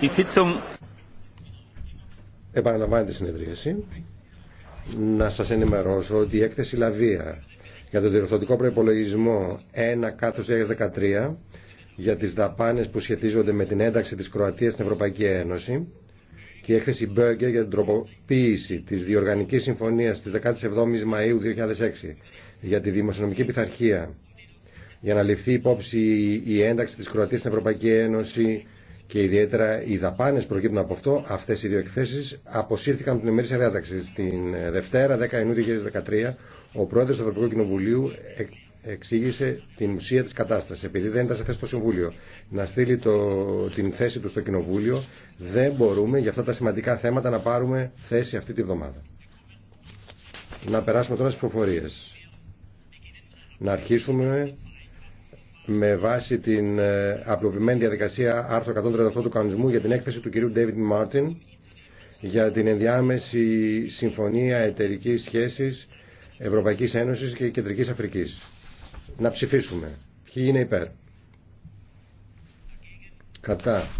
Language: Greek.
Η Σίτσομ... Επαναλαμβάνεται η συνεδρίαση. Να σας ενημερώσω ότι η έκθεση Λαβία για τον διορθωτικό προπολογισμό 1 κάτω 2013 για τις δαπάνες που σχετίζονται με την ένταξη της Κροατίας στην Ευρωπαϊκή Ένωση και η έκθεση Μπέγκερ για την τροποποίηση της Διοργανικής Συμφωνίας της 17ης Μαΐου 2006 για τη Δημοσιονομική Πειθαρχία για να ληφθεί υπόψη η ένταξη της Κροατίας στην Ευρωπαϊκή Ένωση και ιδιαίτερα οι δαπάνε προκύπτουν από αυτό, αυτές οι δύο εκθέσει αποσύρθηκαν από την ημερήσια διάταξη. Στην Δευτέρα, 10 Ιανουαρίου 2013, ο Πρόεδρος του Ευρωπαϊκού Κοινοβουλίου εξήγησε την ουσία της κατάστασης. Επειδή δεν ήταν σε θέση το Συμβούλιο να στείλει το, την θέση του στο Κοινοβούλιο, δεν μπορούμε για αυτά τα σημαντικά θέματα να πάρουμε θέση αυτή τη βδομάδα. Να περάσουμε τώρα στις προφορίε. Να αρχίσουμε με βάση την ε, απλοποιημένη διαδικασία άρθρο 138 του κανονισμού για την έκθεση του κυρίου David Μάρτιν για την ενδιάμεση συμφωνία εταιρική σχέσης Ευρωπαϊκής Ένωσης και Κεντρικής Αφρικής. Να ψηφίσουμε. Ποιοι είναι υπέρ. Κατά.